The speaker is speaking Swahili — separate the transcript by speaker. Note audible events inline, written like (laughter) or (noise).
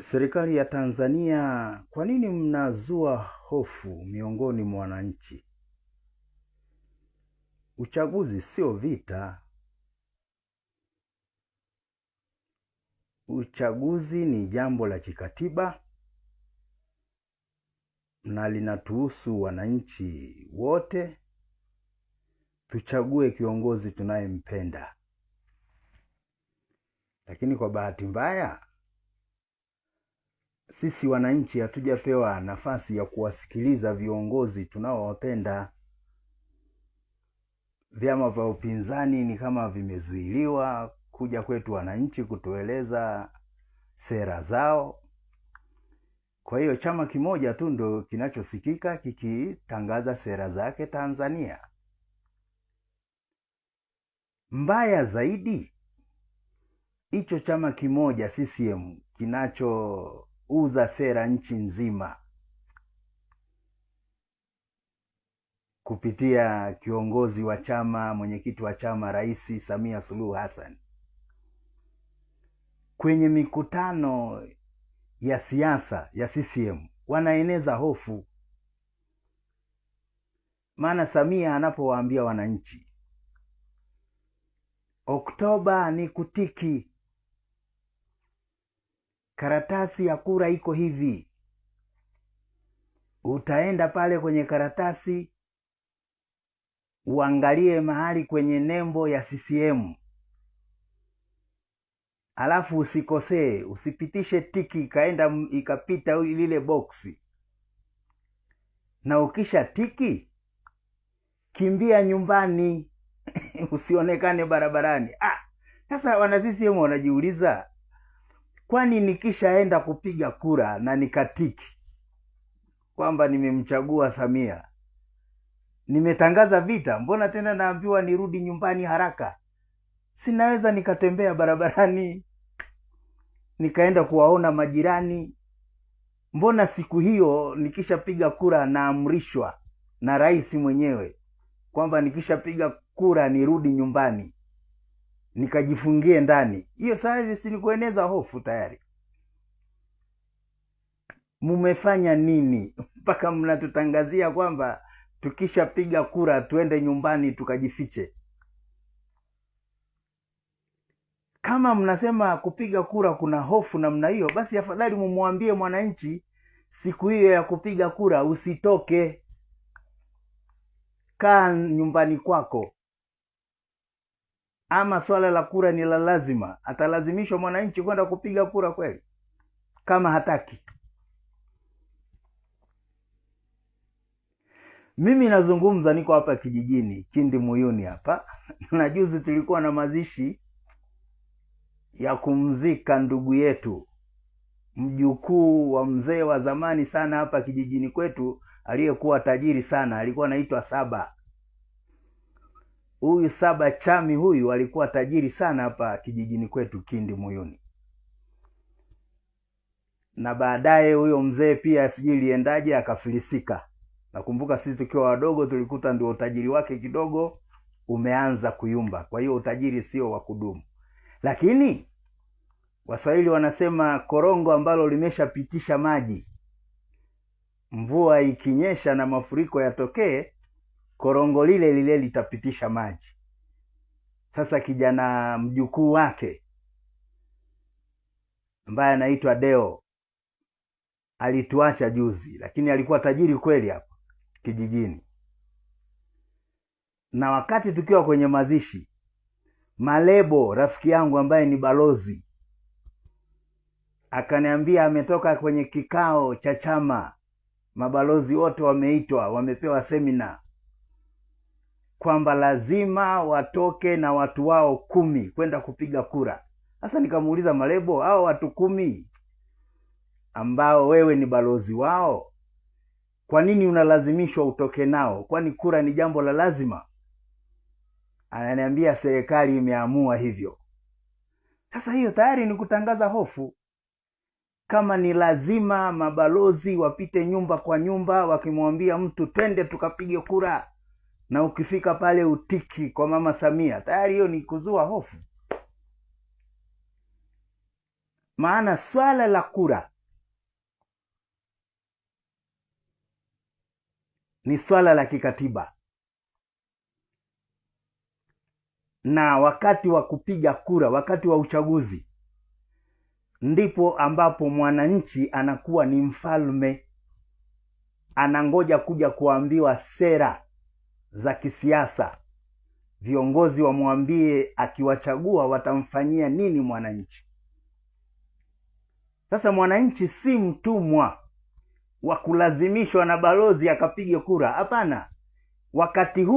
Speaker 1: Serikali ya Tanzania, kwa nini mnazua hofu miongoni mwa wananchi? Uchaguzi sio vita. Uchaguzi ni jambo la kikatiba na linatuhusu wananchi wote. Tuchague kiongozi tunayempenda, lakini kwa bahati mbaya sisi wananchi hatujapewa nafasi ya kuwasikiliza viongozi tunaowapenda. Vyama vya upinzani ni kama vimezuiliwa kuja kwetu wananchi kutueleza sera zao. Kwa hiyo chama kimoja tu ndo kinachosikika kikitangaza sera zake Tanzania. Mbaya zaidi, hicho chama kimoja CCM kinacho uza sera nchi nzima kupitia kiongozi wa chama, mwenyekiti wa chama, Rais Samia Suluhu Hassan kwenye mikutano ya siasa ya CCM wanaeneza hofu. Maana Samia anapowaambia wananchi Oktoba ni kutiki, Karatasi ya kura iko hivi, utaenda pale kwenye karatasi uangalie mahali kwenye nembo ya CCM, alafu usikosee, usipitishe tiki ikaenda ikapita lile boksi. Na ukisha tiki, kimbia nyumbani (laughs) usionekane barabarani. Ah, sasa wana CCM wanajiuliza Kwani nikishaenda kupiga kura na nikatiki kwamba nimemchagua Samia, nimetangaza vita, mbona tena naambiwa nirudi nyumbani haraka? Sinaweza nikatembea barabarani nikaenda kuwaona majirani? Mbona siku hiyo nikishapiga kura naamrishwa na rais mwenyewe kwamba nikishapiga kura nirudi nyumbani? nikajifungie ndani, hiyo tayari si ni kueneza hofu tayari. Mumefanya nini (laughs) mpaka mnatutangazia kwamba tukishapiga kura tuende nyumbani tukajifiche? Kama mnasema kupiga kura kuna hofu namna hiyo, basi afadhali mumwambie mwananchi siku hiyo ya kupiga kura usitoke, kaa nyumbani kwako ama swala la kura ni la lazima, atalazimishwa mwananchi kwenda kupiga kura kweli kama hataki? Mimi nazungumza, niko hapa kijijini Chindi Muyuni hapa (laughs) na juzi tulikuwa na mazishi ya kumzika ndugu yetu mjukuu wa mzee wa zamani sana hapa kijijini kwetu aliyekuwa tajiri sana, alikuwa anaitwa Saba huyu Saba Chami huyu alikuwa tajiri sana hapa kijijini kwetu Kindi Muyuni, na baadaye huyo mzee pia sijui iliendaje akafilisika. Nakumbuka sisi tukiwa wadogo tulikuta ndio utajiri wake kidogo umeanza kuyumba. Kwa hiyo utajiri sio wa kudumu, lakini Waswahili wanasema korongo ambalo limeshapitisha maji, mvua ikinyesha na mafuriko yatokee, korongo lile lile litapitisha maji. Sasa kijana mjukuu wake ambaye anaitwa Deo alituacha juzi, lakini alikuwa tajiri kweli hapo kijijini. Na wakati tukiwa kwenye mazishi, Malebo rafiki yangu ambaye ni balozi akaniambia ametoka kwenye kikao cha chama, mabalozi wote wameitwa, wamepewa semina kwamba lazima watoke na watu wao kumi kwenda kupiga kura. Sasa nikamuuliza Malebo, hao watu kumi ambao wewe ni balozi wao, kwa nini unalazimishwa utoke nao? Kwani kura ni jambo la lazima? Ananiambia serikali imeamua hivyo. Sasa hiyo tayari ni kutangaza hofu. Kama ni lazima mabalozi wapite nyumba kwa nyumba, wakimwambia mtu twende tukapige kura, na ukifika pale utiki kwa mama Samia, tayari hiyo ni kuzua hofu. Maana swala la kura ni swala la kikatiba, na wakati wa kupiga kura, wakati wa uchaguzi, ndipo ambapo mwananchi anakuwa ni mfalme, anangoja kuja kuambiwa sera za kisiasa, viongozi wamwambie akiwachagua watamfanyia nini mwananchi. Sasa mwananchi si mtumwa wa kulazimishwa na balozi akapiga kura, hapana. Wakati huu